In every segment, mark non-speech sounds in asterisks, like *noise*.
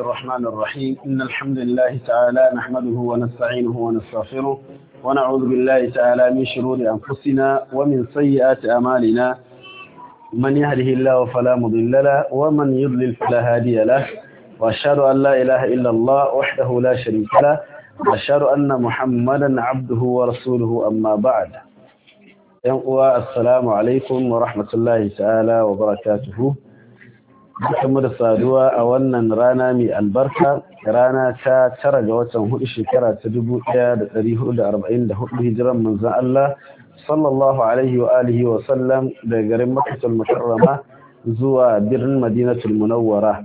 الرحمن الرحيم إن الحمد لله تعالى نحمده ونستعينه ونستغفره ونعوذ بالله تعالى من شرور أنفسنا ومن سيئات أمالنا من يهده الله فلا مضل له ومن يضلل فلا هادي له وأشهد أن لا إله إلا الله وحده لا شريك له وأشهد أن محمدا عبده ورسوله أما بعد السلام عليكم ورحمة الله تعالى وبركاته mu da saduwa a wannan rana mai albarka rana ta tara ga watan hudu shekara ta dubu daya da dari hudu da arba'in da hudu hijiran manzan Allah sallallahu alaihi wa alihi wa sallam daga garin makatul mukarrama zuwa birnin madinatul munawwara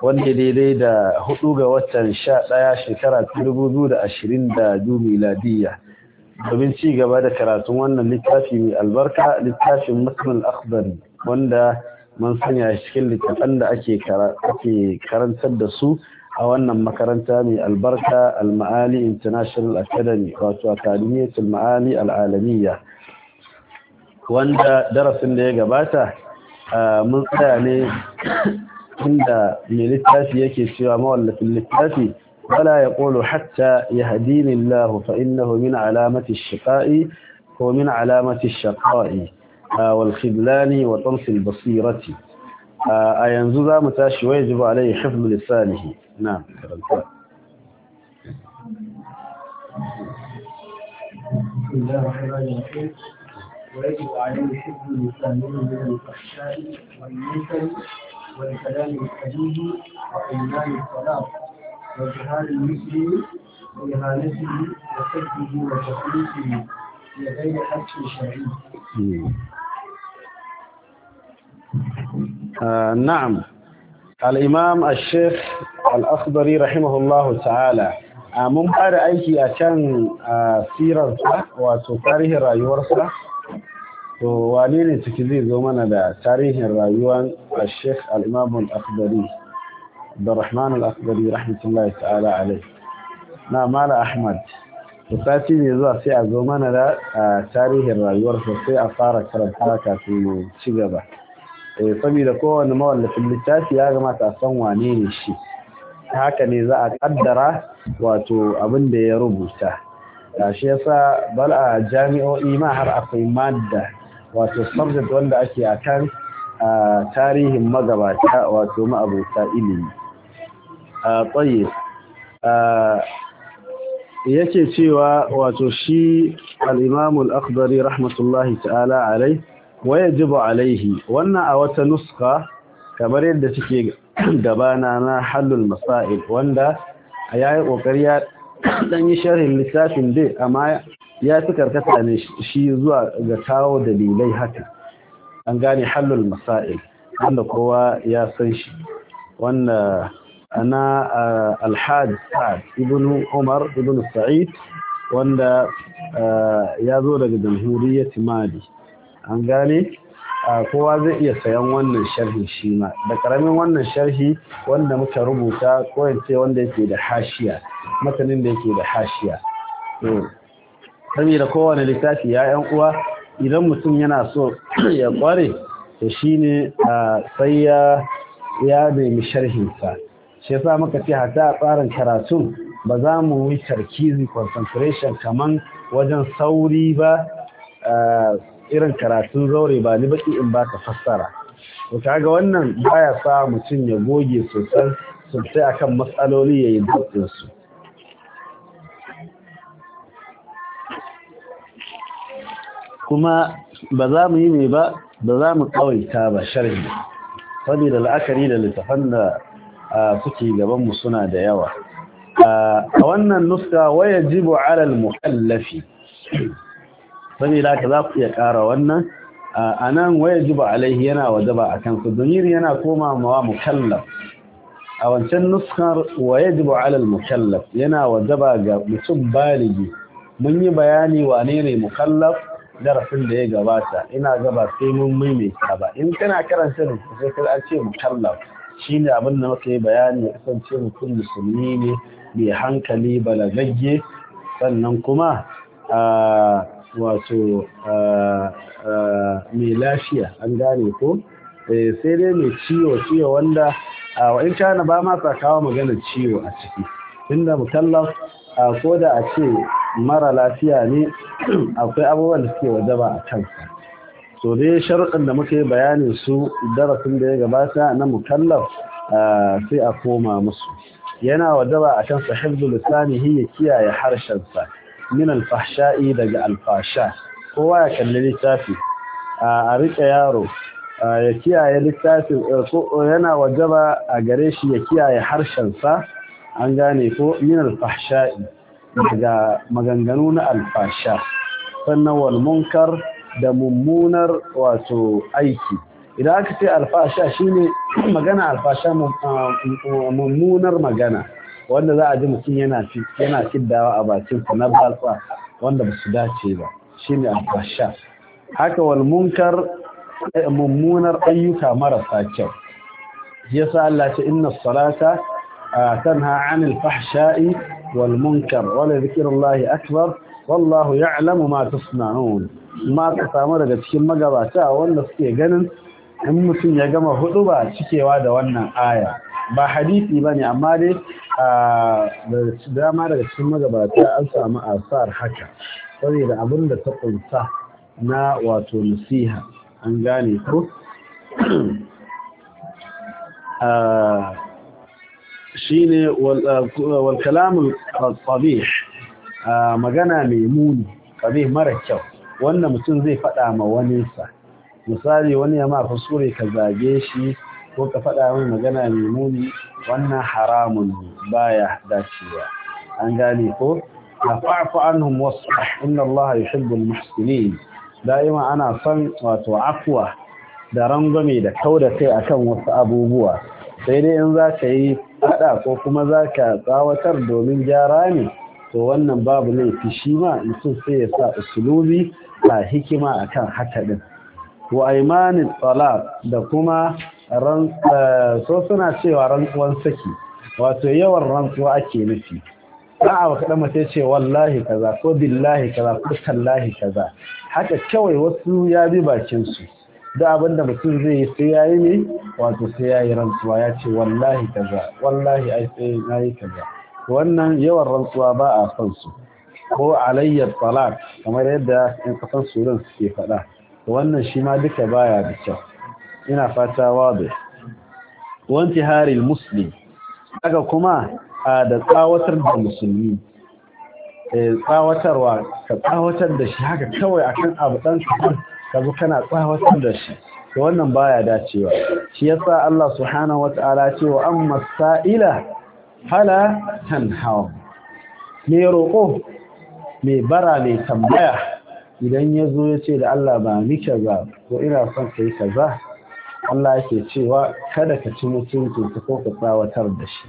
wanda daidai da hudu ga watan sha daya shekara ta dubu biyu da ashirin da biyu miladiyya domin ci gaba da karatun wannan littafi mai albarka littafin muslim akhbari wanda mun sanya cikin littattafan da ake karantar da su a wannan makaranta mai albarka al-ma'ali international academy wato al ma'ali al'alamiya wanda darasin da ya gabata mun tsaya ne inda mai littafi yake cewa mawallafin littafi ya يقول "Hatta ya الله فإنه من علامة shiƙa'i, ومن علامة shiƙa'i." آه، والخذلان وطمس البصيرة آه، أينزو ذا متاشي ويجب عليه حفظ لسانه نعم بسم الله الرحمن الرحيم ويجب عليه حفظ لسانه من الفحشاء والمنكر والكلام الحديد وإيمان الصلاة وجهال المسلم وإهانته وسبه وتقليده لغير حق شرعي. آه، نعم الإمام الشيخ الأخضري رحمه الله تعالى آه، من بعد أيك أشان آه، سيرة وتاريخ الرأي ورسة وليل تكذيب ومن هذا تاريخ الرأي الشيخ الإمام الأخضري عبد الرحمن الأخضري رحمة الله تعالى عليه نعم على أحمد وفاتي نزوى سيئة زمان تاريخ الرأي ورسة سيئة صارك ربك في شجبك eh saboda kowane mawallafin littafi ya gamata a san wane ne shi haka ne za a kaddara wato abin da ya rubuta shi yasa bal a jami'o'i ma har akwai madda wato subject wanda ake akan tarihin magabata wato ma'abuta ilimi a tsaye yake cewa wato shi al'imamul akbari rahmatullahi ta'ala alai Waye jiba alaihi wannan a wata nuska kamar yadda suke *clears throat* gabana na halul masail wanda ya yi ƙoƙari ya ɗan yi sharhin littafin dai amma ya fi karkata ne shi zuwa ga kawo dalilai haka an gane hallul masail wanda kowa ya san shi wanda ana Alhaji sa'ad ibn umar ibn sa'id wanda ya zo daga jamhuriyar timadi an gane kowa zai iya sayan wannan sharhi shi ma da karamin wannan sharhi wanda muka rubuta ko ce wanda yake da hashiya matanin da yake da hashiya hmm. saboda kowane littafi ya yan uwa idan mutum yana so ya kware to shine sai ya ya nemi sharhinsa shi yasa muka ce hata a tsarin karatun ba za mu yi tarkizi concentration kaman wajen sauri ba irin karatun zaure ba ni baki in ba ta fassara to kaga wannan baya sa mutum ya goge sosai sosai akan matsaloli yayi dukkan su kuma ba za mu yi ne ba ba za mu kawaita ba sharhi saboda la'akari da littafan da suke gaban mu suna da yawa a wannan nuska waya jibo alal muhallafi saboda haka za ku iya ƙara wannan a nan waya zuba alaihi yana wajaba a kansu. domin yana koma mawa mukallaf a wancan nuskar waya zuba alal mukallaf yana wajaba ga mutum baligi mun yi bayani wane ne mukallaf darasin da ya gabata ina gaba sai mun maimaita ba in kana karanta ne sai ka ce mukallaf ne abin da muka yi bayani ya kasance mutum musulmi ne mai hankali balagagge sannan kuma wato mai lafiya an gane ko eh, sai dai mai ciwo ciwo wanda a wa'in cana ba ma sa kawo maganar ciwo a ciki inda tunda a ko da a ce mara lafiya ne *clears throat* akwai abubuwan da suke wajaba a kansa so dai sharuɗin da muka yi bayanin su darasin da ya gabata na mukallaf sai a koma musu yana wajaba a kansa hifzu lisanihi ya kiyaye harshensa min alfahsha'i daga alfasha kowa ya kalli littafi a rike yaro ya kiyaye littafi yana wajaba a gare shi ya kiyaye harshensa an gane ko min alfahsha'i daga maganganu na alfasha sannan wal munkar da mummunar wato aiki idan aka ce alfasha shine *clears throat* magana alfasha mummunar magana wanda za a ji mutum yana yana kiddawa a bakin na batsa wanda ba su dace ba shine alfasha haka wal eh, mummunar ayyuka marasa kyau yasa Allah ce inna salata tanha anil fahsha'i Walmunkar. munkar wala zikrullahi akbar wallahu ya'lamu mata suna ma ka samu daga cikin magabata wanda suke ganin in mutum ya gama hudu ba cikewa da wannan aya ba hadisi ne amma dai da dama daga cikin magabata an samu asar haka saboda abin da ta kunsa na wato nasiha an gane ko shine wal kalamul qabih magana mai muni qabih mara kyau wannan mutum zai faɗa ma wani sa misali wani ya ma fasure ka zage shi ko ka faɗa min magana mai muni wannan haramun ne baya dacewa an gane ko afafu anhum wasu inna allaha yuhibbul muhsinin da'ima ana son wato afwa da rangwame da kau da kai akan wasu abubuwa sai dai in za ka yi faɗa ko kuma za ka tsawatar domin gyara ne to wannan babu laifi shi ma mutum sai ya sa usulubi a hikima akan haka din wa imanin talab da kuma Eh, so suna cewa rantsuwan saki wato yawan rantsuwa ake nufi dan abu kaɗan mace ce wallahi kaza ko billahi kaza ko tallahi kaza haka kawai wasu ya bi bakin su da abin da mutum zai yi sai ya yi ne wato sai ya yi rantsuwa ya ce wallahi kaza wallahi ai sai yi kaza wannan yawan rantsuwa ba a son su ko alayyar talak kamar yadda 'yan kasan sudan suke faɗa wannan shi ma duka baya da kyau ina fata wabe wanti Harin muslim haka kuma a da tsawatar da musulmi e, tsawatarwa ka tsawatar da shi haka kawai akan abu dan ka zo kana tsawatar da shi to wannan baya dacewa shi yasa Allah subhanahu wataala ce wa amma sa'ila fala tanha me roƙo me bara me tambaya idan yazo yace da Allah ba ni kaza ko ina son kai kaza Allah yake cewa kada ka ci mutunci ta ko ka tsawatar da shi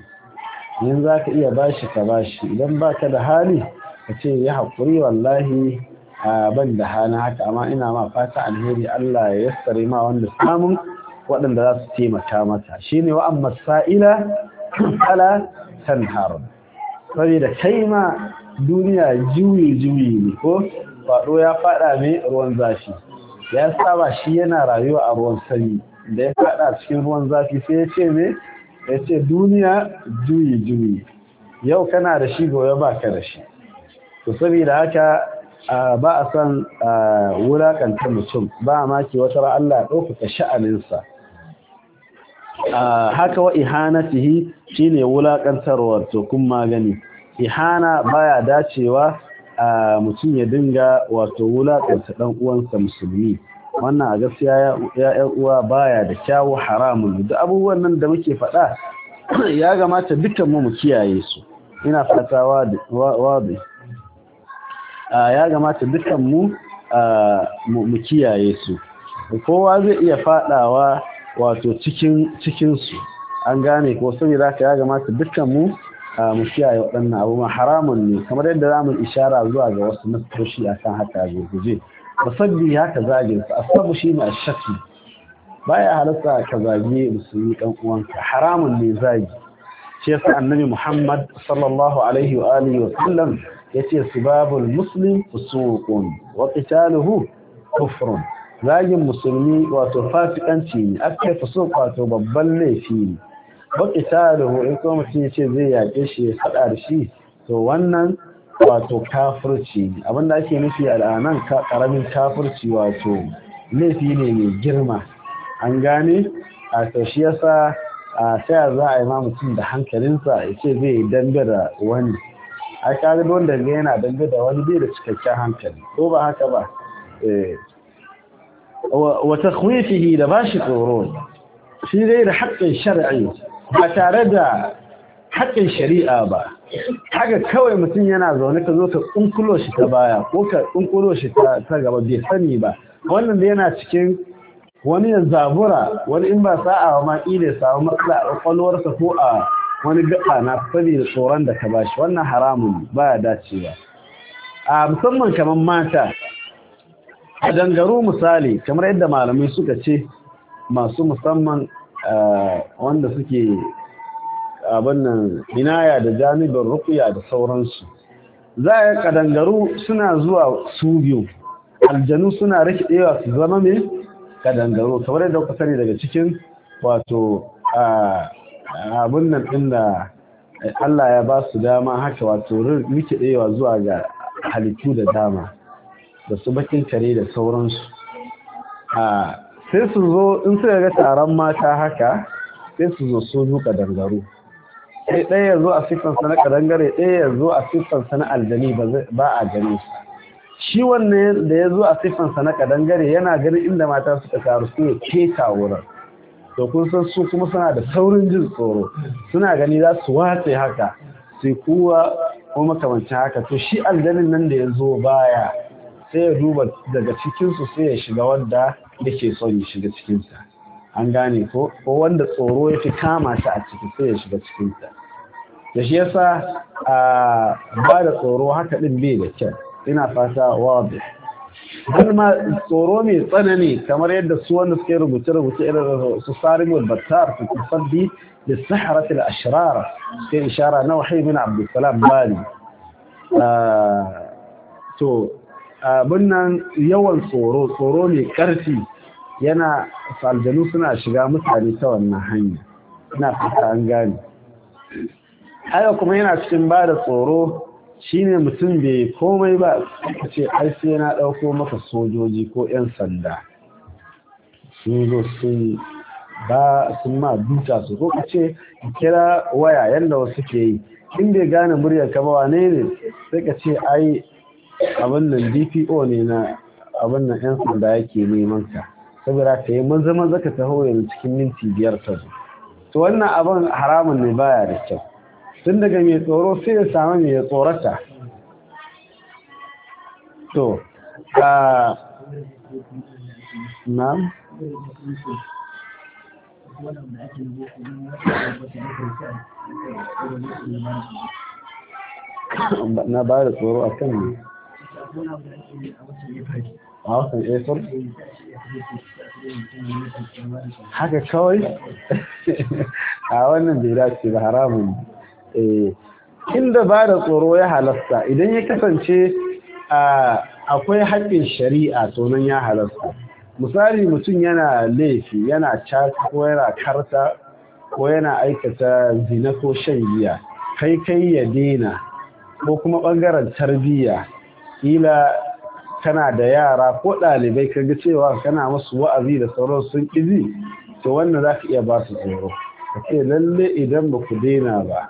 in za ka iya bashi ka ba shi idan ba ka da hali ka ce ya haƙuri wallahi a ban da hana haka amma ina ma fata alheri Allah ya yassare ma wanda samun waɗanda za su taimaka mata shine wa amma sa'ila ala Harun. saboda kai ma duniya juyi juyi ne ko faɗo ya faɗa mai ruwan zafi ya saba shi yana rayuwa a ruwan sanyi da ya fada cikin ruwan zafi sai ya ce me ya ce duniya juyi juyi yau kana da shi gobe ba ka da shi to saboda haka ba a san wulakanta mutum ba a maki wata ra Allah ɗaukaka sha'aninsa haka wa ihanatihi shine wulakantarwar to kun magani ihana baya dacewa mutum ya dinga wato wulakanta dan uwansa musulmi wannan a gaskiya ya uwa baya da kyawu haramun da abubuwan nan da muke faɗa *clears throat* ya gamata dukkan mu mu kiyaye su ina fata wadi ya gamata dukkan mu mu kiyaye su kowa zai iya fadawa wato cikin cikin su an gane ko saboda ka ya gamata dukkan mu mu kiyaye waɗannan abubuwan haramun ne kamar yadda za mu ishara zuwa ga wasu nasoshi akan haka a gurguje musabbi ya ka zage su asabu shi ne ashaki baya halatta ka zage musulmi dan uwanka haramun ne zagi shi annabi Muhammad sallallahu alaihi wa alihi wa sallam yace sibabul muslim fusuqun wa qitaluhu kufrun zagin musulmi wato fasikanci ne akai fusuq wato babban laifi ne wa qitaluhu in kuma mutum ce zai yake shi ya faɗa da shi to wannan wato kafirci abinda ake nufi al'anan karamin kafirci wato laifi ne mai girma an gane a tashi yasa a taya za a yi ma mutum da hankalinsa ya ce zai dambe da wani a kaga don da yana dambe da wani bai da cikakken hankali ko ba haka ba eh. wata kwifihi da ba shi tsoro shi dai da haƙƙin shar'ii ba tare da haƙin shari'a ba haka kawai mutum yana zaune ka zo ka ƙunkulo shi ta baya ko ka ƙunkulo shi ta gaba bai sani ba wannan da yana cikin wani ya zabura wani in ba sa'a ma ile samu matsala a ƙwaƙwalwarsa ko a wani gaba na da tsoron da ka bashi wannan haramun ba ya dacewa a musamman kamar mata a dangaru misali kamar yadda malamai suka ce masu musamman eh, wanda suke abin nan inaya da janibin rukuya da sauransu za a yi kadangaru suna zuwa su biyu aljanu suna rikidewa su zama mai kadangaru kamar yadda kuka sani daga cikin wato abin nan ɗin da Allah ya ba su dama haka wato ɗewa zuwa ga halittu da dama da su bakin kare da sauransu sai su zo in suka ga taron mata haka sai su zo su zuka dangaro sai ɗaya ya zo a siffarsa na ƙadangare ɗaya ya zo a siffarsa na aljani ba a gani shi wannan da ya zo a siffarsa na ƙadangare yana ganin inda mata suka karu su ya keta wurin to kun san su kuma suna da saurin jin tsoro suna gani za su watse haka sai kuwa ko makamancin haka to shi aljanin nan da ya zo baya sai ya duba daga cikinsu sai ya shiga wanda yake son ya shiga cikinsa an gane ko ko wanda tsoro ya fi kama shi a ciki sai ya shiga cikin ta da shi yasa a ba da tsoro haka din bai da kyau ina fata wabi dan ma tsoro mai tsanani kamar yadda su wanda suke rubuce rubuce irin su sarimul battar su kusabbi da saharatul ashrar sai ishara na wahayi min salam bali to abin nan yawan tsoro tsoro mai karfi yana aljanu suna shiga mutane ta wannan hanya suna fata an gane haka kuma yana cikin ba da tsoro shine mutum bai komai ba a ce ai sai na ɗauko maka sojoji ko 'yan sanda sun zo sun ba sun ma duka su ko ka ce kira waya yadda wasu ke yi in bai gane muryar ka ba wane ne sai ka ce ai abin nan dpo ne na abin nan 'yan sanda yake neman ka saboda ka yi maza maza ka taho yanzu cikin minti biyar ta zo to wannan abin haramun ne baya da kyau tun daga mai tsoro sai ya samu mai tsorata to a na ba da tsoro a kan ne haka kawai *laughs* a wannan bai ce ba haramun eh, inda ba da tsoro ya halasta idan ya kasance akwai haƙin shari'a tonon ya halasta misali mutum yana laifi yana caka ko yana karta ko yana aikata zina ko shan giya kai kai ya dena ko kuma ɓangaren tarbiyya ila kana da yara ko ɗalibai ka ga cewa kana musu wa'azi da sauran sun ƙizi to wannan za ka iya ba su tsoro ka ce lalle idan ba ku daina ba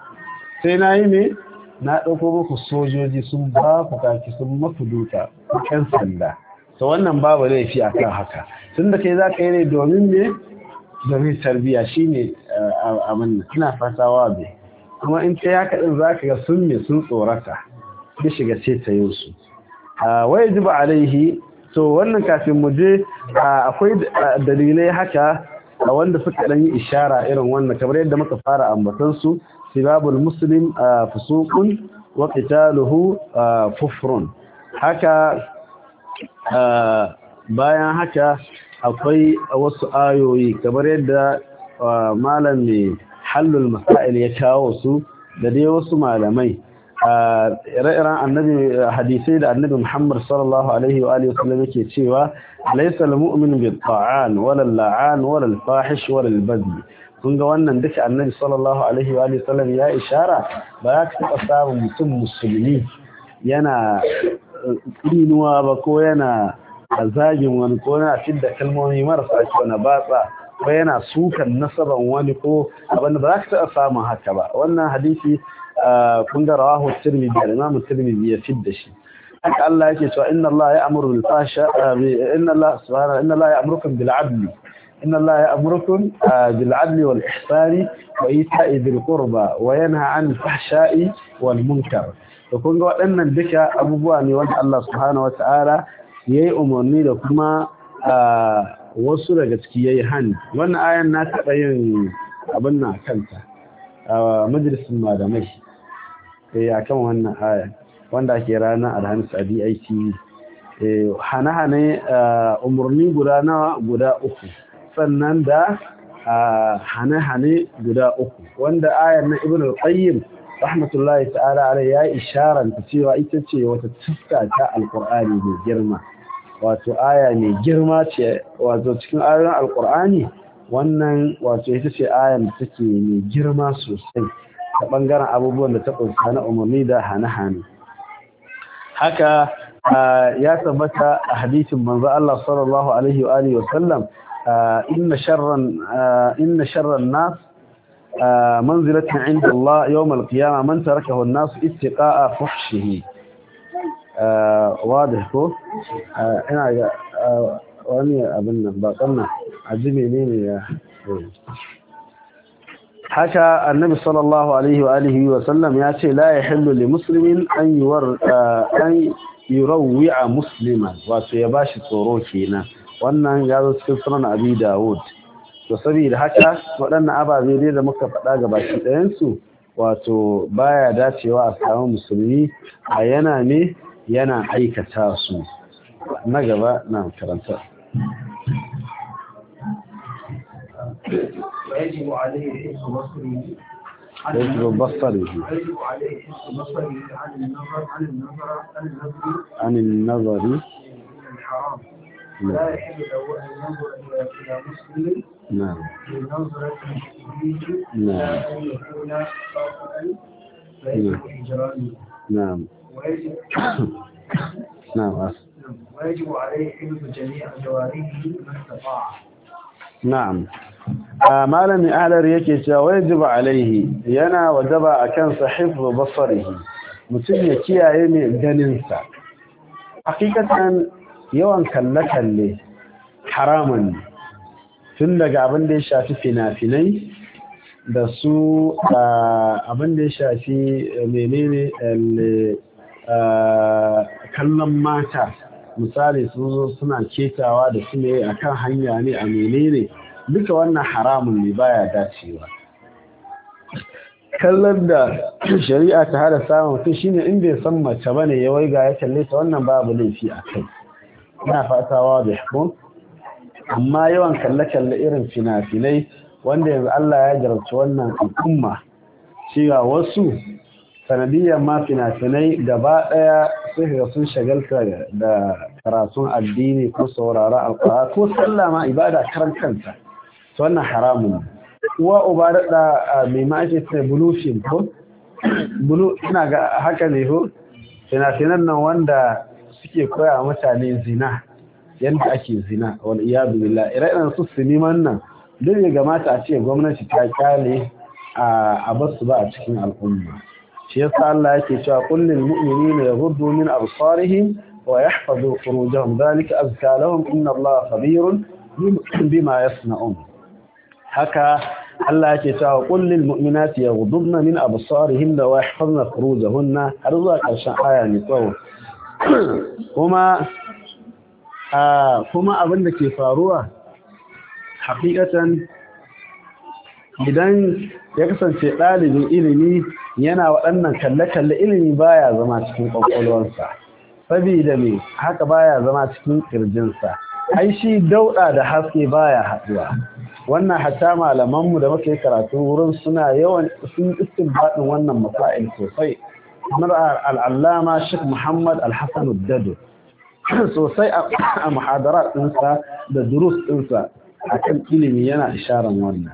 sai na yi ne na ɗauko muku sojoji sun ba ku kaki sun mafi duka sanda to wannan babu laifi a kan haka tun da kai za ka yi ne domin me domin tarbiyya shine eh, abin ina fatawa bai kuma in ta yaka ɗin za ka ga sun me sun tsorata ya shiga ce ta yinsu Ah, wa yajibu alaihi to wannan kafin mu je ah, akwai ah, dalilai haka wanda suka dan yi ishara irin wannan kamar yadda muka fara ambatan su sibabul muslim fusuqun wa qitaluhu kufrun haka bayan haka akwai wasu ayoyi kamar yadda malam mai hallul masail ya kawo su da dai wasu malamai ire-iren annabi hadisai da annabi Muhammad sallallahu alaihi wa alihi wasallam yake cewa laysa al-mu'min bi ta'an wala la'an wala al-fahish wala al kun ga wannan duka annabi sallallahu alaihi wa alihi wasallam ya ishara ba ya taɓa samun mutum musulmi yana inuwa ba ko yana zagin wani ko yana fidda kalmomi marasa ake wani batsa ko yana sukan nasaban wani ko abin ba za ka taɓa samun haka ba wannan hadisi kun ga rawahu tirmidhi al-imam tirmidhi ya fidda shi haka Allah yake cewa inna Allah ya amuru bil fasha inna Allah subhanahu inna Allah ya amurukum bil 'adli inna Allah ya amurukum bil 'adli wal ihsani wa ita'i dhil qurba wa yanha 'anil fahsha'i wal munkar to kun ga waɗannan duka abubuwa ne wanda Allah subhanahu ta'ala yayi umarni da kuma wasu daga ciki yayi han wannan ayan na taɓa yin abin na kanta a majalisin malamai eh akan wannan aya wanda ake ranar alhamis a DITV eh hane-hane eh, umarni guda nawa guda uku sannan da hane-hane guda uku wanda ayar na ibn al-qayyim rahmatullahi ta'ala alai ya isharanta cewa ita ce wata tuska ta alqur'ani mai girma wato aya mai girma ce wato cikin ayoyin alqur'ani wannan wato ita ce ayar da take mai girma sosai ta bangaren abubuwan da ta ƙunsa na umarni da hane-hane haka ya tabbata a hadisin manzo Allah sallallahu alaihi wa alihi wa sallam inna sharran inna sharran nas manzilatan inda Allah yawm al-qiyamah man tarakahu an-nas ittiqa'a fuhshihi واضح ko ina ga wani abin nan ba kanna ajibi ne ne ya haka annabi sallallahu alaihi wa alihi wa sallam ya ce la yahillu li muslimin an yuwar an a musliman wato ya bashi tsoro kenan wannan ya zo cikin sunan abi dawud to saboda haka waɗannan ababe dai da muka faɗa ga baki ɗayan su wato baya dacewa a samu musulmi a yana ne yana aikata su na gaba na karanta Thank you. ويجب عليه حفظ بصره يجب بصره يجب عليه حفظ بصره عن النظر عن النظر عن النظر عن النظر الحرام نعم. لا يحل له ان ينظر الى مسلم نعم بنظرة تشبيه نعم ان يكون خاطئا فيجب هجرانه نعم. نعم ويجب *coughs* نعم،, نعم ويجب عليه حفظ جميع جوارحه ما استطاع نعم malami alar yake cewa wajiba alaihi yana wajaba akan sahibu basarihi mutum ya kiyaye mai ganinsa hakikatan yawan kalle-kalle haramun tun daga abin da ya shafi fina-finai da su abin da ya shafi eh, menene eh, eh, kallon mata misali sun zo suna ketawa da su ne a kan hanya ne a menene duka wannan haramun ne baya dacewa kallon da shari'a ta hada samun mutum ne in bai san mace bane ya ga ya kalle ta wannan babu laifi a kai ina fatawa da hukum amma yawan kalle-kalle irin fina-finai wanda yanzu Allah ya jarabci wannan al'umma cewa wasu sanadiyyar ma fina-finai gaba ɗaya sai ga sun shagalta da karatun addini ko saurara alƙura ko sallama ma ibada karan kanta wannan haramun uwa uba da mai ma ake ce ko bulu ina ga haka ne ko fina-finan nan wanda suke koya mutane zina yadda ake zina wal iyadu billah ire-iren su siniman nan duk ya mata a ce gwamnati ta kyale a basu ba a cikin al'umma shi yasa Allah yake cewa ne mu'minina yaghuddu min absarihim wa yahfazu furujahum zalika azka lahum inna Allah khabirun bima yasna'un haka Allah yake cewa qul lil mu'minati yaghudduna min absarihim wa yahfazna furujahunna har zuwa ƙarshen aya ne tsawo kuma a kuma abin da ke faruwa hakikatan idan ya kasance ɗalibin ilimi yana waɗannan kalle-kalle ilimi baya zama cikin ƙwaƙwalwarsa sabida me haka baya zama cikin ƙirjinsa ai shi dauɗa da haske baya haɗuwa wannan hatta malamanmu da muke karatu wurin suna yawan sun istinbadin wannan mafa'il sosai kamar al'allama Sheikh Muhammad Al-Hassan Dado *clears throat* sosai a muhadarar ɗinsa da durus ɗinsa akan ilimi yana isharan wannan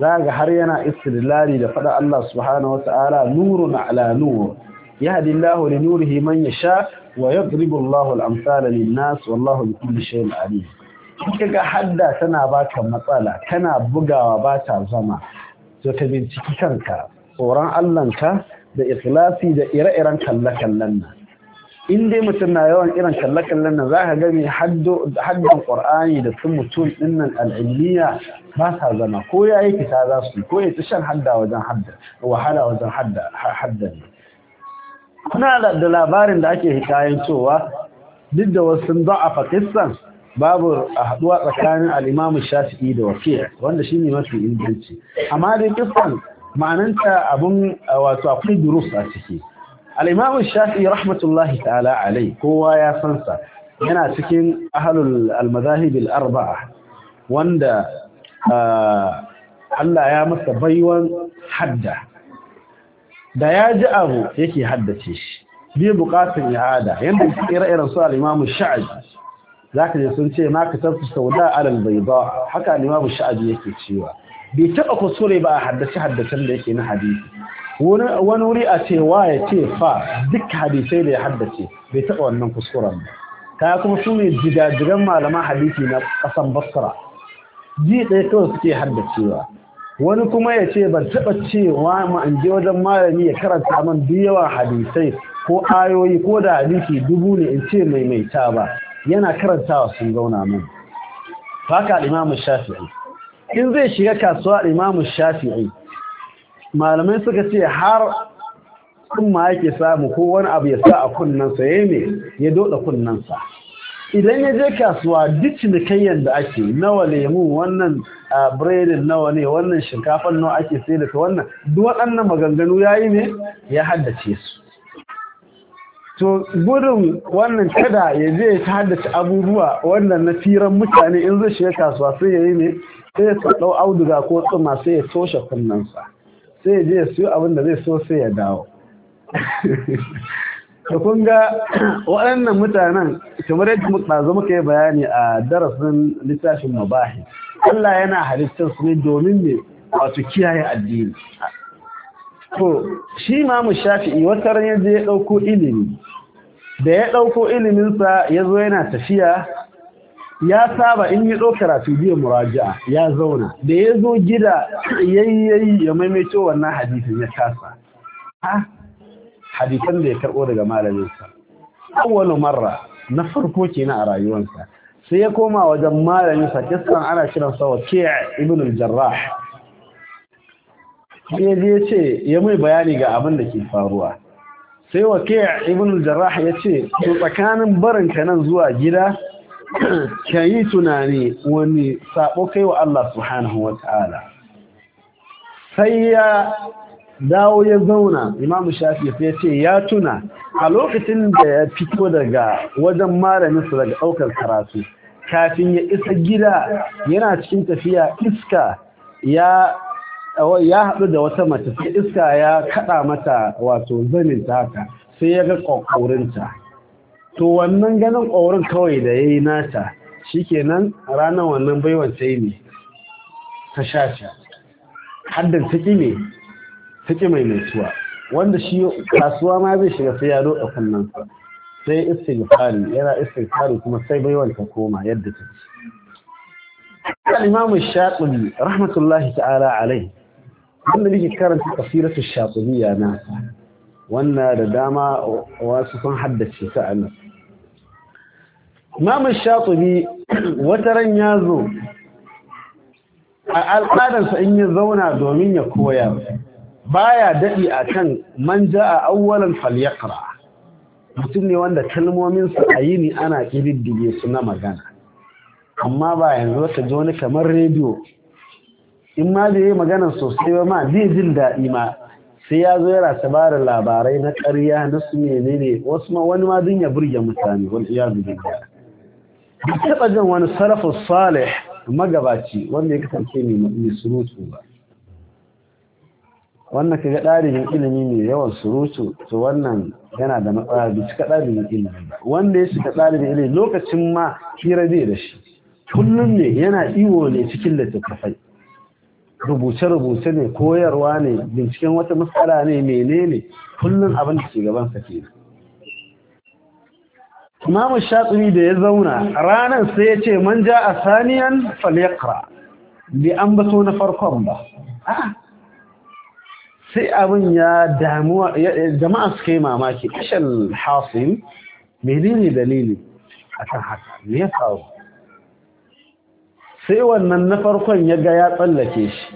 za ga har yana istidlali da faɗa Allah subhanahu wa ta'ala nurun ala nur yahdi Allahu li nurihi man yasha wa yadribu Allahu al-amsala lin-nas wallahu bi kulli shay'in alim kaga hadda tana baka matsala tana bugawa ba ta zama to ka binciki kanka tsoron allanka da ikhlasi da ire-iren kalle-kallen nan in dai mutum na yawan irin kalle-kallen nan za ka ga mai haddan ƙwar'ani da sun mutum ɗin nan al'ilmiya ba sa zama ko ya yi fita za su ko ya hadda wajen hadda wahala wajen hadda ne kuna da labarin da ake hikayen cewa duk da wasu a kissan babu a haduwa tsakanin al'imamu shafi'i da wakiya wanda shi ne mafi inganci amma dai kifan ma'ananta abun wato akwai durus a ciki al'imamu shafi'i rahmatullahi ta'ala alai kowa ya sansa yana cikin ahalul almazahibil arba'a wanda Allah ya masa baiwan hadda da ya ji abu yake haddace shi bi bukatun ya Yanda ira-iran su al'imamu sha'aji zaka je sun ce ma ka tafi sauda alal bayda haka ma mu sha'abi yake cewa bai taba kusure ba a haddace haddacen da yake na hadisi wani wuri a ce wa ya ce fa duk hadisai da ya haddace bai taba wannan kuskuren ba kaya kuma su ne jigajigan malaman hadisi na kasan basra ji ɗaya kawai suke haddacewa wani kuma ya ce ban taɓa cewa ma an je wajen malami ya karanta man duk yawan hadisai ko ayoyi ko da hadisi dubu ne in ce mai maimaita ba yana karantawa sun zauna min haka al-Imam Shafi'i in zai shiga kasuwa al-Imam Shafi'i malamai suka ce har in ma yake samu ko wani abu ya sa a kunnansa ya ne ya doda kunnansa idan ya je kasuwa duk cinikayyar da ake nawa lemu wannan biredin nawa ne wannan shinkafan nawa ake sai da wannan duk waɗannan maganganu ya yi ne ya haddace su to gudun wannan kada ya je ta haddace abubuwa wannan na firan mutane in zai shiga kasuwa sai ya yi ne sai ya ɗau auduga ko tsuma sai ya toshe kunnansa sai ya je ya siyo abin da zai so sai ya dawo Ka *laughs* kun ga waɗannan mutanen kamar yadda ɗazu muka yi bayani a darasin littafin mabahi Allah yana halittar su ne domin ne wato kiyaye addini to shi ma mu shafi'i wata ran ya ɗauko ilimi da ya ɗauko iliminsa ya zo yana tafiya ya saba in yi ɗaukar karatu jiya muraji'a ya zauna da ya zo gida yayyayi ya maimaito wannan hadisin ya kasa ha hadisan da ya karɓo daga malaminsa awwalu marra na farko kenan a rayuwarsa sai ya koma wajen malaminsa kiskan ana kiran sa ke ibn al-jarrah ya ce ya mai bayani ga abin da ke faruwa sai wakiya ibn jarrah ya ce to tsakanin ka nan zuwa gida *clears throat* ka yi tunani wani sabo kai wa Allah subhanahu wa ta'ala sai ya dawo ya zauna imamu shafi ya ce ya tuna a lokacin da ya fito daga wajen malaminsa daga ɗaukar karatu kafin ya isa gida yana cikin tafiya iska ya ya haɗu da wata mace sai iska ya kaɗa mata wato zanin ta haka sai ya ga ƙwaƙorinta to wannan ganin ƙwaurin kawai da ya yi nata shi shikenan ranar wannan baiwan ta ne ta sha sha, haddin ta ƙi ne ta mai mutuwa wanda shi kasuwa ma zai shiga sai ya roƙa kunnansa sai istighfari yana istighfari kuma sai baiwan ta koma yadda ta ce al-imam rahmatullahi ta'ala alai wanda nake karanta kasiratu shafiyya na wannan da dama wasu sun haddace ta anan Imam Shatibi wata ran ya zo a al'adarsa in ya zauna domin ya koya baya dadi kan manja a awwalan falyakara mutum ne wanda kalmominsa a yini ana kididdige su na magana amma ba yanzu ka ji wani kamar rediyo in ma ya yi magana sosai ba ma zai jin daɗi ma sai ya zo yana bada labarai na ƙarya na su menene wasu ma wani ma dun ya burge mutane wani ya zuwa ba taɓa jin wani sarrafa salih magabaci wanda ya kasance mai surutu ba wannan kaga ɗalibin ilimi mai yawan surutu to wannan yana da matsala bai cika ɗalibin ilimi ba wanda ya cika ɗalibin ilimi lokacin ma hira zai da shi kullum ne yana iwo ne cikin littattafai rubuce-rubuce ne koyarwa ne binciken wata matsala ne menene kullum abin da ke gaban sa kenan Imamu shatsuni da ya zauna ranar sai ya ce man ja a saniyan falekra bai an so na farkon ba. Sai abin ya damuwa jama'a suka yi mamaki kashin hasim menene dalili a kan haka me ya faru sai wannan na farkon ya ga ya tsallake shi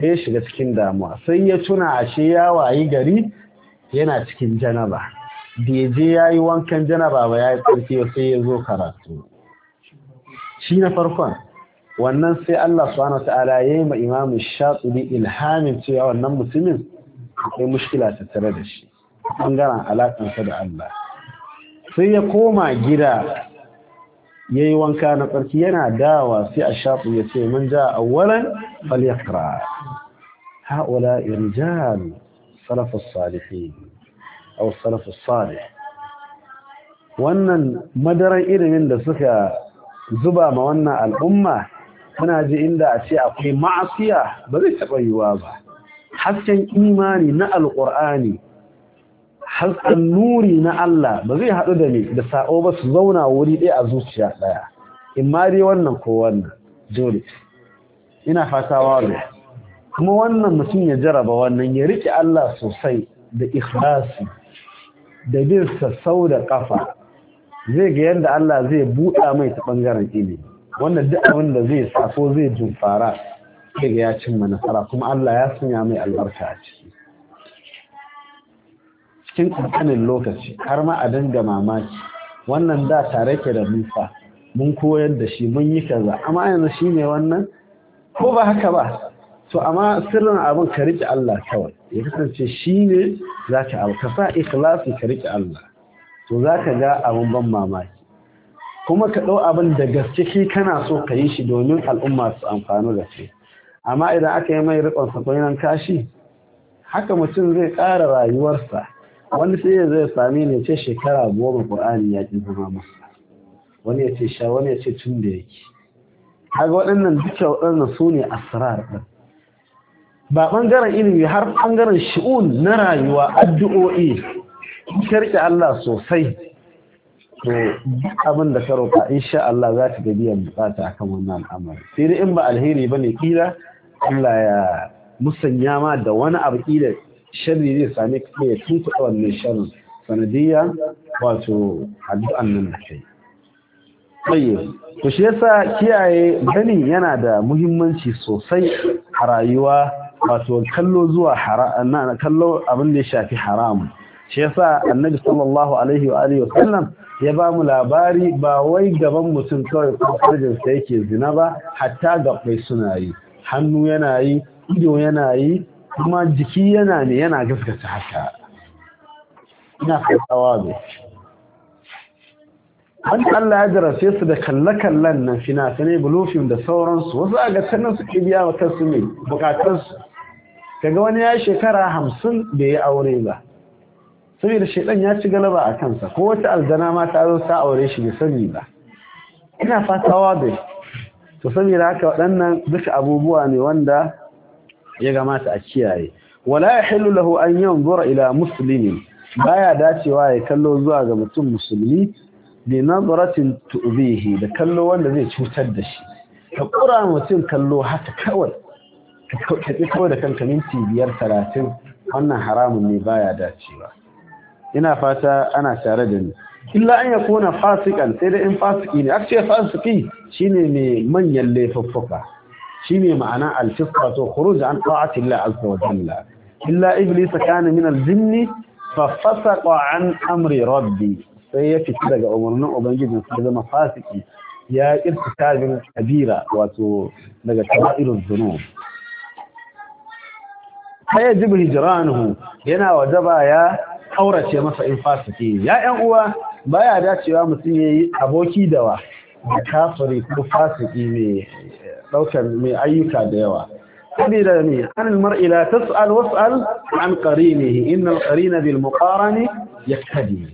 sai ya shiga cikin damuwa sai ya tuna a ashe ya wayi gari yana cikin janaba da ya je ya yi wankan janaba ba ya yi tsarki sai ya zo karatu shi na farkon wannan sai Allah subhanahu ta'ala ya yi ma imamu shatsuli ilhamin cewa wannan mutumin akwai mushkila ta tare da shi ɓangaren alaƙansa da Allah sai ya koma gida ya yi wanka na tsarki yana dawa sai a shafu ya ce mun ja awwalan falyakra haula irjal salafus salihin aw salafus salih wannan madaran ilimin da suka zuba ma wannan al'umma suna ji inda a ce akwai ma'asiya ba zai taɓa yiwuwa ba hasken imani na alƙur'ani hasken nuri na Allah ba zai haɗu da ni da sa'o ba su zauna wuri ɗaya a zuciya ɗaya in ma dai wannan ko wannan ina fata wani kuma wannan mutum ya jaraba wannan ya riƙe Allah sosai da ikhlasi da bin sau da ƙafa. zai ga yadda Allah zai buɗa mai ta ɓangaren ilimi wannan duk abin da zai sako zai jumfara sai ga ya cimma nasara kuma Allah ya sanya mai albarka a ciki cikin kankanin lokaci har ma a dinga mamaki wannan da tare ke da nufa mun koyar da shi mun yi kaza amma yanzu shi ne wannan ko ba haka ba to amma sirrin abin ka riƙe Allah kawai ya kasance shi ne za ka abu ka sa ikhlasi ka riƙe Allah to za ka ga abin ban mamaki kuma ka ɗau abin da gaske shi kana so ka yi shi domin al'umma su amfanu da shi amma idan aka yi mai riƙon nan kashi haka mutum zai ƙara rayuwarsa wani sai ya zai sami ne ce shekara goma ƙur'ani ya ƙin zama masa wani ya ce sha wani ya ce tun da yake kaga waɗannan duka waɗannan su ne asrar ɗin ba ɓangaren ilimi har ɓangaren shi'un na rayuwa addu'o'i shirki Allah sosai to abin da ka roƙa insha Allah za ka ga biyan bukata akan wannan al'amari sai dai in ba alheri bane kila Allah ya musanya ma da wani abu kila sharri zai sami ka kai ya tuntuɓa wannan sharrin sanadiyya wato addu'an nan kai? kai tsaye shi yasa kiyaye gani yana da muhimmanci sosai a rayuwa wato kallo zuwa haram kallo abin da ya shafi haram shi yasa annabi sallallahu alaihi wa alihi wasallam ya ba mu labari ba wai gaban mutum kawai ko farjin sa yake zina ba hatta ga kai suna yi hannu yana yi ido yana yi kuma jiki yana ne yana gaskata haka ina fatawa ne wani Allah ya jarace su da kalle-kallen nan fina-finai bulofin da sauransu wasu a nan suke biya wa kansu mai bukatarsu kaga wani ya shekara hamsin bai yi aure ba saboda shaidan ya ci galaba a kansa ko wata aljana ma ta zo ta aure shi bai sani ba ina fatawa bai to saboda haka waɗannan duka abubuwa ne wanda ya gamata a kiyaye wala halu lahu an yanzura ila muslimi baya dacewa ya kallo zuwa ga mutum musulmi bi nazaratin tu'bihi da kallo wanda zai cutar da shi ka kura mutum kallo haka kawai ka kawai da kanka minti biyar talatin wannan haramun ne baya dacewa ina fata ana tare da ni illa an yakuna fasikan sai da in fasiki ne aka ce fasiki shine mai manyan laifuffuka shine ma'ana al-fisqa to khuruj an ta'ati Allah azza wa jalla illa iblis kana min al-jinn fa fasaqa an amri rabbi sai ya fita daga umarnin ubangiji sai zama fasiki ya irtita bil kabira wato daga kaba'irul dhunub sai jibu hijranuhu yana wajaba ya kaurace masa in fasiki ya ƴan uwa baya dacewa mutum yayi aboki da wa kafiri ko fasiki ne ɗaukar mai ayyuka da yawa sabida ne an mar'i la tas'al was'al an qarinihi innal qarina bil muqarani yaktadi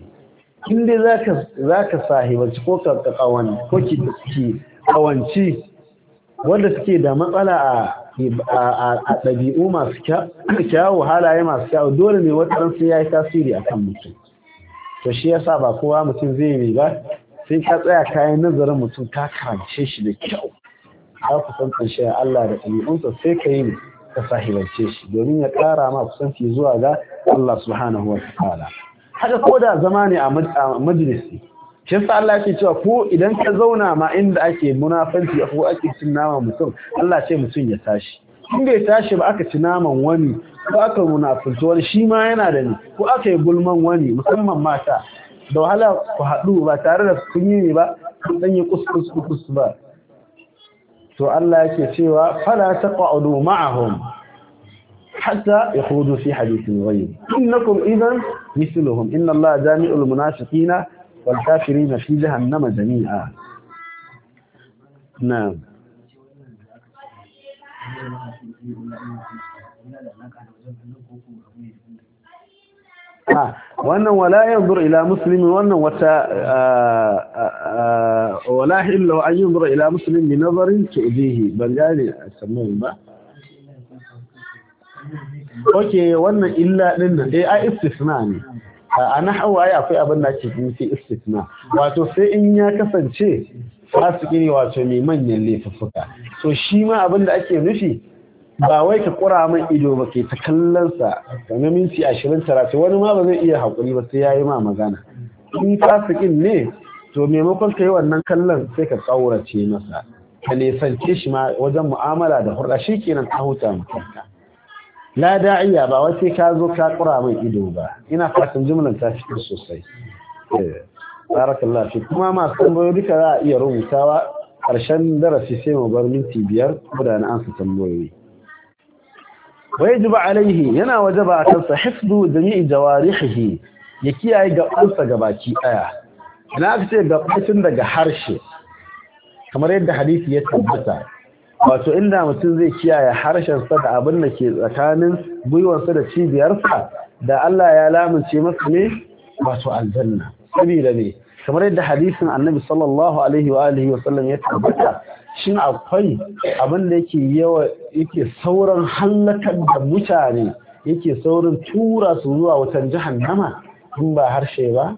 in dai zaka zaka sahibanci ko ka kawan ko ki ki kawanci wanda suke da matsala a a ɗabi'u masu kyawu halaye masu kyawu dole ne wata ya yi tasiri akan mutum to shi yasa ba kowa mutum zai yi ba sai ka tsaya kayan nazarin mutum ka karance shi da kyau ka kusantar shi Allah da ɗabi'unsa sai ka yi ka sahibance shi domin ya ƙara ma kusanci zuwa ga Allah subhanahu wa ta'ala haka ko da zama ne a majalisi shi yasa Allah yake cewa ko idan ka zauna ma inda ake munafanci ko ake cin nama mutum Allah ce mutum ya tashi in bai tashi ba aka ci naman wani ko aka munafanci wani shi ma yana da ni ko aka yi gulman wani musamman mata da wahala ku haɗu ba tare da kun yi ne ba kun ɗanyi kuskus ba to Allah yake cewa fala taq'udu ma'ahum hatta yakhudu fi hadithin ghayr innakum idhan mithluhum inna Allah jami'u al munafiqina wal kafirina fi jahannama jami'a na'am ah wannan wala yin zura ila musulmi wannan wata wala hillu an zura ila musulmi bi nazarin tu'dihi ban gane sannan ba Ok wannan illa din nan eh ai istisna ne a na nahwu ai akwai abin da ake yin sai istisna wato sai in ya kasance fasikini ne wato mai manyan laifuffuka so shi ma abin da ake nufi ba wai ka kura min ido ba ke ta kallonsa. sa na minti ashirin talatin wani ma ba zai iya haƙuri ba sai ya yi ma magana in fasikin ne to maimakon ka yi wannan kallon sai ka tsaurace masa ka nesance shi ma wajen mu'amala da hurɗa shi kenan ka huta mutunta la da'iya ba wai sai ka zo ka kura min ido ba ina fatan jumlan ta fito sosai eh, barakallah fi kuma masu tambayoyi duka za a iya rubutawa ƙarshen darasi sai mu bar minti biyar ko da na ansa tambayoyi ويجب عليه ينا وجب أكنس حفظ جميع جوارحه يكي أي قبلس قباكي آية أنا أكتب قبلس عندك harshe. kamar yadda hadisi ya tabbata wato inda mutum zai kiyaye harshen sa da abin da ke tsakanin sa da cibiyar sa, da Allah ya lamince masa ne wato aljanna Sabida ne kamar yadda hadisin annabi sallallahu alaihi wa alihi wa sallam ya tabbata shin akwai abin da yake yawa yake sauran halakar da mutane yake saurin tura su zuwa wutan jahannama in ba harshe ba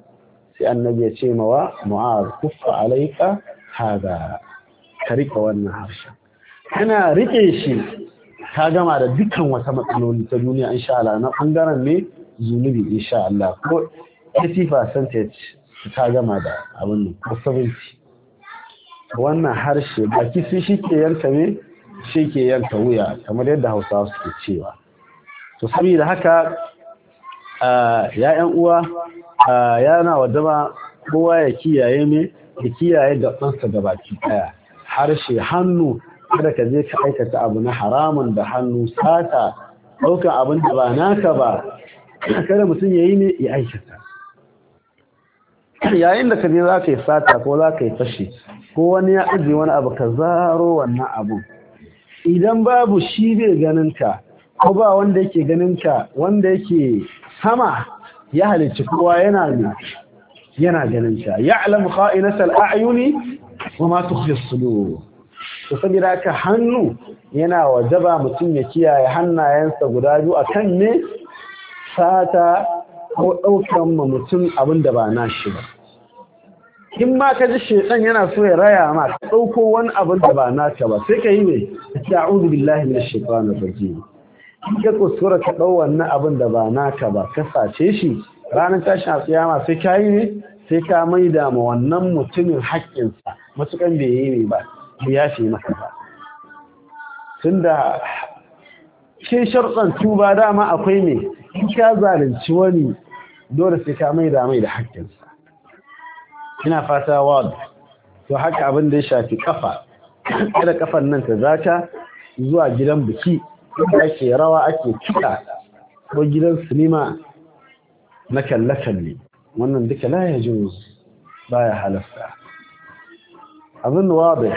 sai annabi ya ce mawa mu'az kuffa alaika hada ka rike wannan harshe. kana rike shi ka gama da dukkan wata matsaloli ta duniya insha Allah na bangaren ne zunubi insha Allah ko 80% ta gama da abin nan 70 wannan harshe baki sai shi ke yanta ne shi ke yanta wuya kamar yadda hausawa suke cewa to saboda haka ya'yan uwa yana dama kowa ya kiyaye ne ya kiyaye ɗansa da baki daya harshe hannu kada ka je ka aikata abu na haramun da hannu sata ɗaukan abin da ba naka ba *clears throat* kada mutum ya yi ne ya aikata yayin da ka je za ka yi sata ko za ka yi fashi ko wani ya ajiye wani abu ka zaro wannan abu idan babu shi bai ganin ka ko ba wanda yake ganin ka wanda yake sama ya halicci kowa yana ne yana ganin ka alamu ka'inatar a'yuni wa masu tukhfi su saboda haka hannu yana wa jaba mutum ya kiyaye hannayensa guda biyu a kan ne sata ko ɗaukan mutum abin da ba shi ba in ma ka ji shekan yana so ya raya ma ka ɗauko wani abin da ba naka ba sai ka yi mai ta a'udhu billahi na na shaitanir ne. in ka kuskura ka ɗau wannan abin da ba naka ba ka sace shi ranar tashin a tsiyama sai ka yi ne sai ka maida ma wannan mutumin haƙƙinsa matukan bai yi ne ba ya fi maka ba da ke sharɗan tuba dama akwai ne in ka zalunci wani dole sai ka mai da mai da haƙƙinsa ina fata wal to haka abin da ya shafi kafa kada kafan nan ta zata zuwa gidan biki inda ake rawa ake kiɗa ko gidan sinima na kalle wannan duka la ya jin baya halasta abin wabe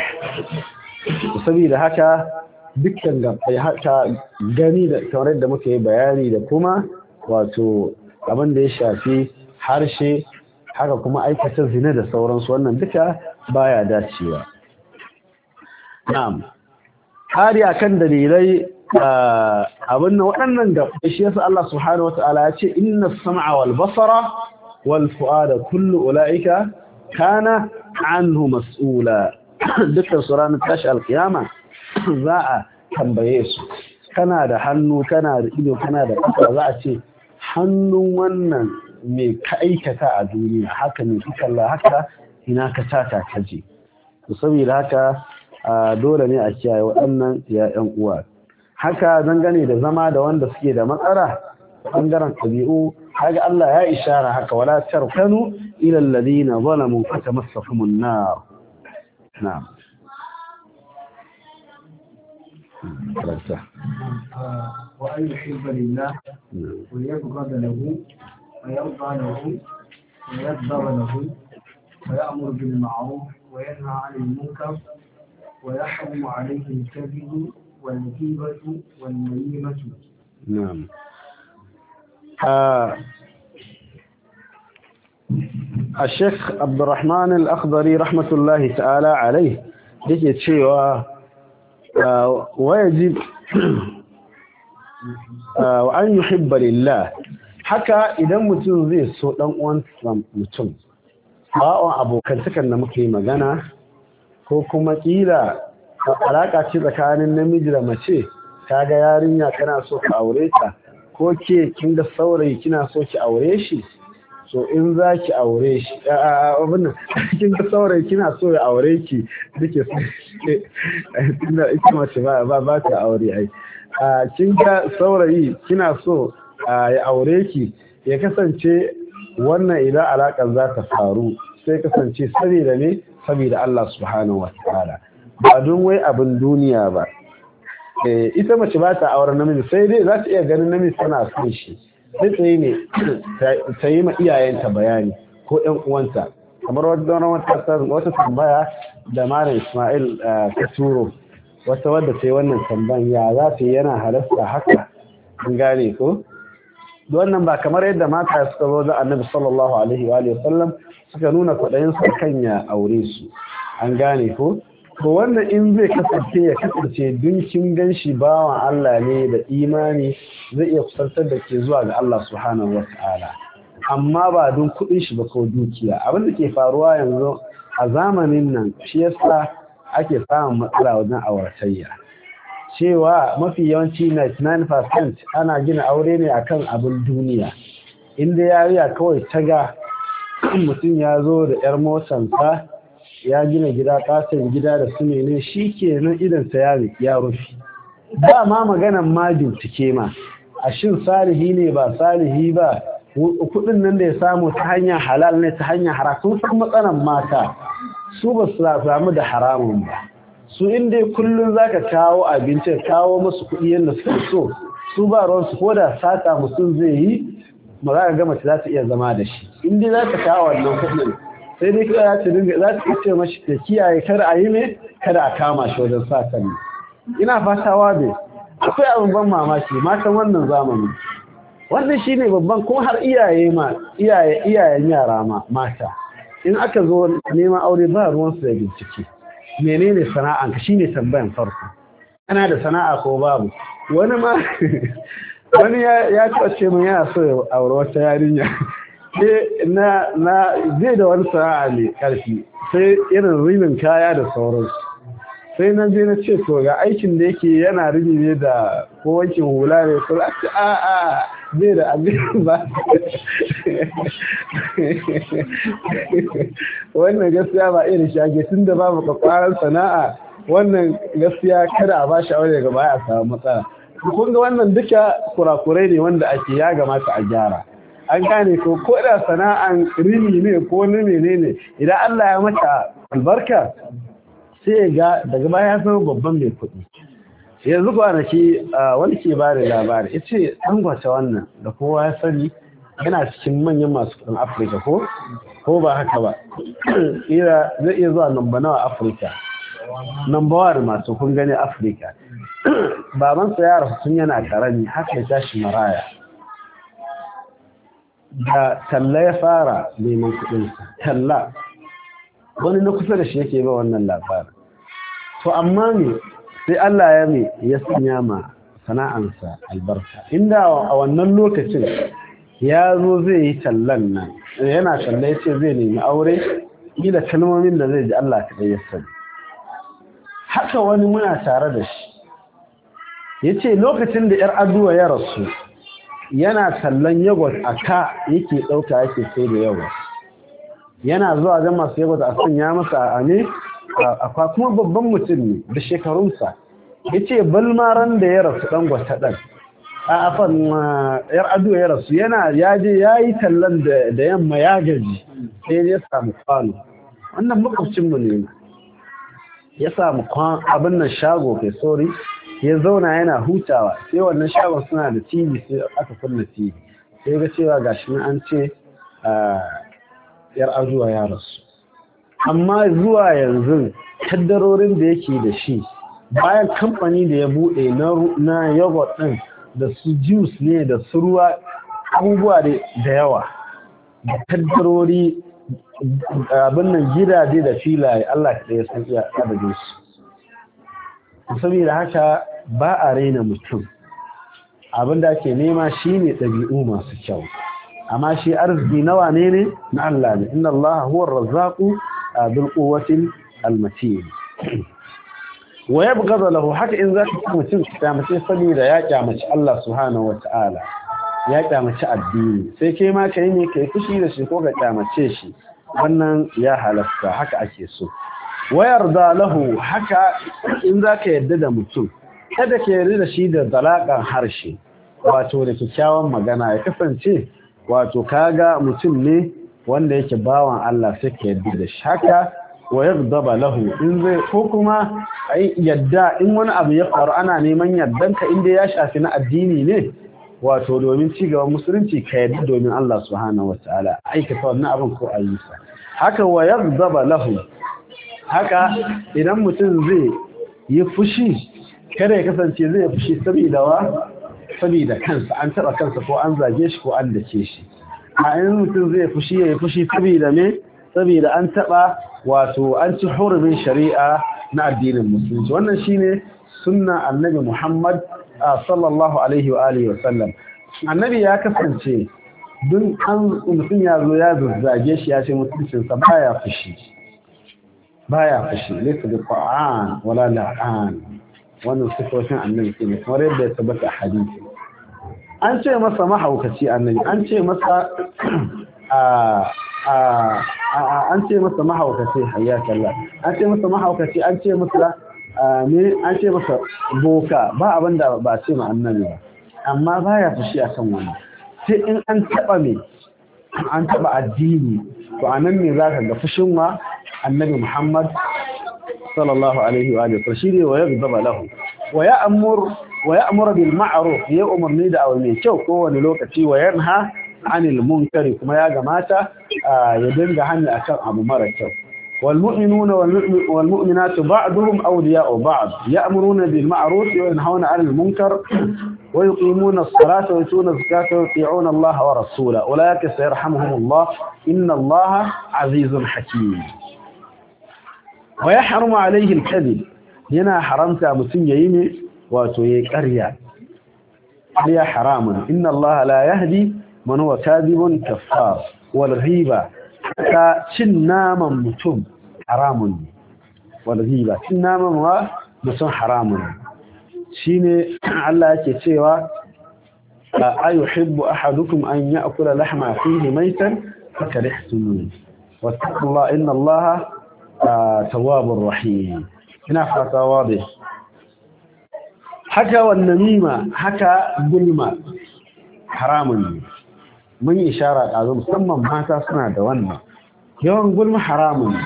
saboda haka dukkan bai haka gani da kamar da muka yi bayani da kuma wato abin da ya shafi harshe haka kuma aikata zina da sauransu wannan duka baya dacewa na'am hari akan dalilai abin nan waɗannan da shi yasa Allah subhanahu wata'ala ya ce inna sam'a wal basara wal da kullu ulaika kana anhu mas'ula *coughs* dukkan su ranar tashi alkiyama *coughs* za a tambaye su kana da hannu kana da ido kana da ƙasa za a ce hannun wannan Mai ka aikata a duniya haka ne ka kalla haka ina ka tata ka je saboda haka dole ne a kiyaye waɗannan ya'yan uwa haka zan gane da zama da wanda suke da matsala bangaren ɗabi'u haka Allah ya ishara haka wala tarkanu ila alladhina zalamu fatamassakum an-nar na'am وأن يحب لله ويرضى له ويتبع له ويأمر بالمعروف وينهى عن المنكر ويحرم عليه الكذب والكيبة والنميمة نعم آه. الشيخ عبد الرحمن الأخضري رحمة الله تعالى عليه yake cewa wajib وأن يحب لله haka idan mutum zai so ɗan uwansa mutum abokan abokantakan da muka yi magana ko kuma ƙila alaƙa ce tsakanin namiji da mace ta ga yarinya kana so ka aure ta ko ke kin ga saurayi kina so ki aure shi so in za ki aure shi abin *laughs* kin ga saurayi kina so ya aure ki duke *laughs* tunda ita mace ba ba ta aure ai kin ga saurayi kina so ya aure ki ya kasance wannan idan alaƙar za ta faru sai kasance saboda ne saboda Allah subhanahu wa ta'ala ba don wai abin duniya ba eh, ita mace ba ta auren namiji sai dai za ta iya ganin namiji tana son shi sai tsaye ne ta yi ma iyayenta bayani ko ƴan uwanta kamar wata tambaya da malam Ismail Katuro eh, wata wadda ta yi wannan tambayan ya za ta yana halasta haka an gane ko da wannan ba kamar yadda mata suka zo da annabi sallallahu alaihi wa sallam suka nuna kwaɗayin su kan ya aure su an gane ko to wannan in zai kasance ya kasance kin ganshi bawan Allah ne da imani zai iya kusantar da ke zuwa ga Allah subhanahu wa amma ba don kuɗin shi ba ko dukiya abin da ke faruwa yanzu a zamanin nan shi yasa ake samun matsala wajen auratayya cewa mafi yawanci 99% ana gina aure ne akan abin duniya inda yariya kawai ta ga mutum ya zo da 'yar motansa ya gina gida katon gida da su ne shi ke nan idansa ya rufi ba ma maganan ma bincike ma a shin salihi ne ba salihi ba kudin nan da ya samu ta hanyar halal ne ta hanyar hara sun san mata su ba su samu da haramun ba su inda kullum za ka kawo ya kawo masu kuɗi yadda suke so su ba ruwansu ko da sata mutum zai yi ba za ka gama ta za ta iya zama da shi inda za ka kawo wannan kuɗin sai dai kira ta dinga za ta ce mashi ta kiyaye kar a yi ne kada a kama shi wajen sa ne ina fatawa bai akwai abin ban mamaki matan wannan zamani wannan shine babban ko har iyaye ma iyayen yara ma mata in aka zo neman aure ba ruwansu da bincike menene sana'anka shine tambayan farko ana da sana'a ko babu wani ma *laughs* wani ya taɓa ce mun yana so ya auri wata yarinya *laughs* eh, na na zai da wani sana'a mai karfi sai irin rinin kaya da sauransu sai na je na ce to ga aikin da yake yana rini ne da ko wankin hula ne ko a a zai da abin ba wannan gaskiya ba irin shage tun da babu kwakwaran sana'a wannan gaskiya kada a ba shawar daga baya a samu matsala kun ga wannan duka kurakurai ne wanda ake ya gamata a gyara an gane ko ko da sana'an rini ne ko ni menene idan Allah ya mata albarka sai ga daga baya ya zama babban mai kuɗi yanzu kwanaki wani ke ba da labari ya ce an gwata wannan da kowa ya sani yana cikin manyan masu kudin afirka ko ko ba haka ba *clears throat* ira zai iya zuwa namba nawa afirka namba wa masu kun gani afirka *clears throat* babansa ya rasu tun yana karami haka ya tashi maraya da talla ya fara neman sa. talla wani na kusa da shi yake ba wannan labarin to amma ne sai Allah ya mai ya sanya ma sana'ansa albarka inda a wannan lokacin ya zo zai yi tallan nan yana talla ya ce zai nemi aure da kalmomin da zai ji Allah kaɗai ya sani haka wani muna tare da shi ya ce lokacin da 'yar aduwa ya rasu yana tallan yagwat a ka yake ɗauka yake sai da yagwat yana zuwa zama su yagwat a ya masa a ne akwa kuma babban mutum ne da shekarunsa ya ce balmaran da ya rasu ɗan gwata ɗan a afan yar ado ya rasu yana ya je ya yi tallan da yamma ya gaji sai ya samu kwano wannan makwabcinmu ne ya samu abin nan shago kai sori ya zauna yana hutawa sai wannan shagon suna da tv sai aka kunna tv sai ga cewa gashi an ce ah, yar azuwa ya rasu amma zuwa yanzu taddarorin da yake da shi bayan kamfani da ya buɗe na yogurt ɗin da su juice ne da su ruwa abubuwa da yawa da kaddarori abin nan gidaje da filaye Allah ka ɗaya san iya adadin su saboda haka ba a raina mutum abin da ake nema ne ɗabi'u masu kyau amma shi arziki nawa ne ne na Allah ne inna Allah huwa razzaqu bil quwwatil almatin wa yabghad lahu haka in zaka ci mutum kyamace saboda ya kyamace Allah subhanahu wataala ya kyamace addini sai kai ma kai ne kai fushi da shi ko ka kyamace shi wannan ya halasta haka ake so wayar yarda lahu haka in zaka yadda da mutum kada ka yarda da shi da dalakan harshe wato da kyakkyawan magana ya kasance wato kaga mutum ne wanda yake bawan Allah sai ka yadda da shaka wa yaghdaba lahu in zai ko kuma ai yadda in wani abu ya faru ana neman yaddanka inda ya shafi na addini ne wato domin ci gaban musulunci ka yadda domin Allah subhanahu wataala aikata wannan abin ko ayyuka haka wa yaghdaba lahu haka idan mutum zai yi fushi kada ya kasance zai fushi saboda wa saboda kansa an taba kansa ko an zage shi ko an dace shi a in mutum zai fushi ya yi fushi saboda me saboda an taɓa wato an ci hurumin shari'a na addinin musulunci wannan shine sunna annabi muhammad sallallahu alaihi wa alihi annabi ya kasance dun an mutum ya zo ya zazzage shi ya ce mutuncinsa baya fushi baya fushi laysa bi qa'an wala la'an wannan sifofin annabi ne kamar yadda ya tabbata hadisi an ce masa mahaukaci annabi an ce masa *clears throat* an ce masa mahaukaci hayya kallah an ce masa mahaukaci an ce masa ne an ce masa boka ba abin da ba ce ma annabi ba amma baya fushi akan wannan sai in an taba me an taba addini to anan ne zaka ga fushin wa annabi Muhammad sallallahu alaihi wa alihi shi ne wa yaghdaba lahu wa wa ya'muru bil ma'ruf ya umarni da abu mai kyau kowane lokaci wa yanha anil munkari kuma ya gamata ya dinga hani akan abu mara kyau wal mu'minuna wal mu'minatu ba'duhum awliya'u ba'd ya'muruna bil ma'ruf wa yanhauna 'anil munkar wa yuqimuna as-salata wa yutuna az-zakata wa yuti'una Allah wa rasulahu ulaika sayarhamuhumullah inna Allah 'azizun hakim wa yahrumu 'alayhi al-kadhib yana haramta mutun yayi ne wato yayi ƙarya ƙarya haramun inna Allah la yahdi man huwa kadhibun kaffar wal riba ka cin naman mutum haramun ne wal riba cin naman wa mutum haramun shine Allah yake cewa ayuhibbu ahadukum an ya'kula lahma fihi maitan fakarihtum wattaqullaha inna Allaha tawwabur rahim ina fata wadih haka wannan nima haka gulma haramun ne mun ishara ɗazu musamman mata suna da wannan yawan gulma haramun ne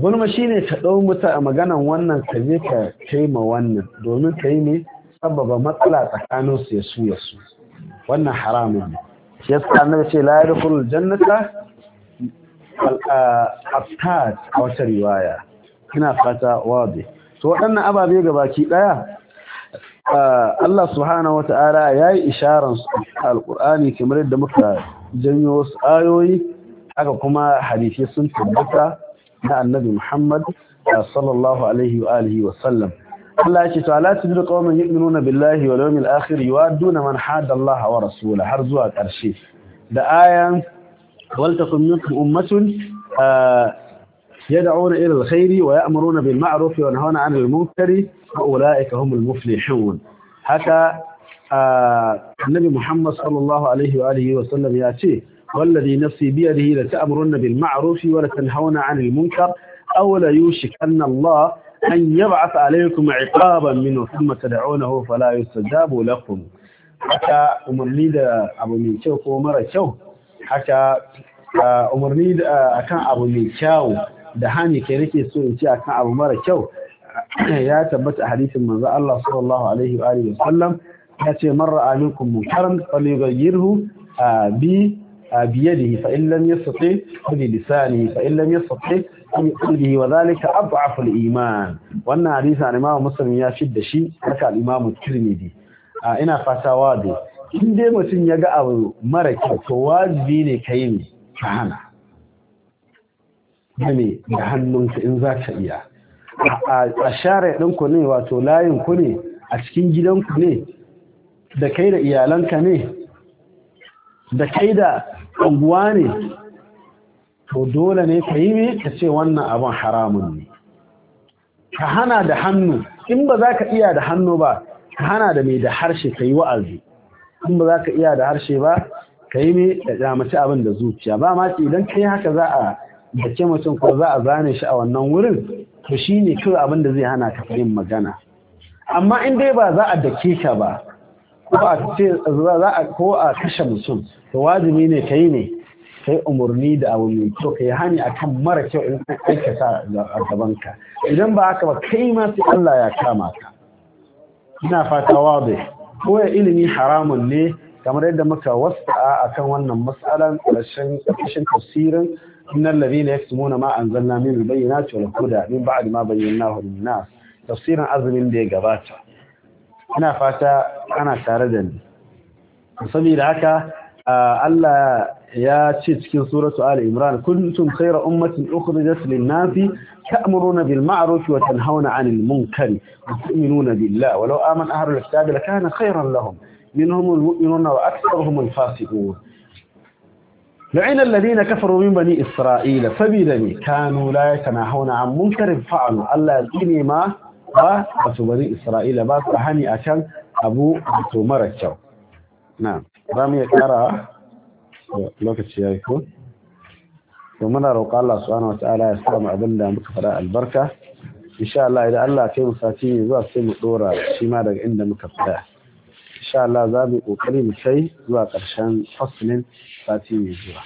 gulma shine ta ɗau mutu a maganan wannan ka je ka taima wannan domin ka yi ne sababa matsala tsakanin su ya su wannan haramun ne shi yasa annabi ce layar yadkhulul jannata al a wata riwaya ina fata wabe to waɗannan ababe ga baki ɗaya Allah subhanahu wata'ala ya yi isharar alkur'ani kamar yadda muka janyo wasu ayoyi aka kuma hadisi sun tabbata na annabi Muhammad sallallahu alaihi wa alihi wa sallam Allah ya ce to ala tajidu qauman yu'minuna billahi wal yawmil akhir yu'adduna man hada Allah wa rasulahu har zuwa karshe da ayan wal takum minkum ummatun يدعون إلى الخير ويأمرون بالمعروف وينهون عن المنكر وأولئك هم المفلحون حتى آه النبي محمد صلى الله عليه وآله وسلم يأتي والذي نفسي بيده لتأمرن بالمعروف ولتنهون عن المنكر أو ليوشك أن الله أن يبعث عليكم عقابا منه ثم تدعونه فلا يستجاب لكم حتى أمرني دا أبو من شوك ومرا شوك حتى أمرني دا أكان أبو من شوك da hani ke nake so in ce akan abu mara kyau *clears throat* ya tabbata a hadisin manzo Allah sallallahu alaihi wa alihi wasallam ya ce man ra'a minkum munkaran falyughayyirhu bi biyadihi fa in lam yastati bi lisanihi fa in lam yastati bi qalbihi wa dhalika ad'afu al-iman wannan hadisi ne Imam Muslim ya shidda shi haka al-Imam Tirmidhi ina fata dai in dai mutum ya ga abu mara kyau to wajibi ne kai ne ka hana ne da hannunka in za ka iya a share ɗinku ne wato layinku ne a cikin gidanku ne da kai da iyalanka ne da kai da unguwa ne to dole ne ka yi ne ka ce wannan abin haramun ne ka hana da hannu in ba za ka iya da hannu ba ka hana da mai da harshe ka yi wa'azi in ba za ka iya da harshe ba ka yi ne da damaci abin da zuciya ba ma idan ka yi haka za a da mutum ko za a zane shi a wannan wurin to shi ne kawai abin da zai hana ka yin magana amma in dai ba za a dake ka ba ko a ko a kashe mutum to wajibi ne ka yi ne ka yi umarni da abu mai kyau ka yi hani a kan mara kyau in an sa a ka. idan ba haka ba kai ma sai Allah ya kama ka ina fata wazi ko ya ilimi haramun ne kamar yadda muka wasa'a akan wannan mas'alan ƙarshen ƙarshen tafsirin innal ladina yaktumuna ma anzalna min al-bayyinati wal huda min ba'di ma bayyanahu lin-nas tafsirin azumin da ya gabata ina fata ana tare da ni saboda haka Allah ya ce cikin suratu Ali Imran kuntum khayra ummatin ukhrijat lin-nasi ta'muruna bil ma'ruf wa tanhauna 'anil munkari wa tu'minuna billah walau amana ahlul kitabi lakana khayran lahum منهم المؤمنون وأكثرهم الفاسقون لعن الذين كفروا من بني إسرائيل فبذني كانوا لا يتناهون عن منكر فعلوا ألا يلقيني ما بس بني إسرائيل بس هني أكل أبو أتومر الشو نعم رامي يكرا لوكتش يكون ومن روق الله سبحانه وتعالى يسلم عبدنا مكفراء البركة إن شاء الله إذا الله كيف ساتيني ذو سيم الدورة شما دق عند مكفراء insha Allah za mu ƙoƙari mu kai zuwa ƙarshen fasalin sati mai zuwa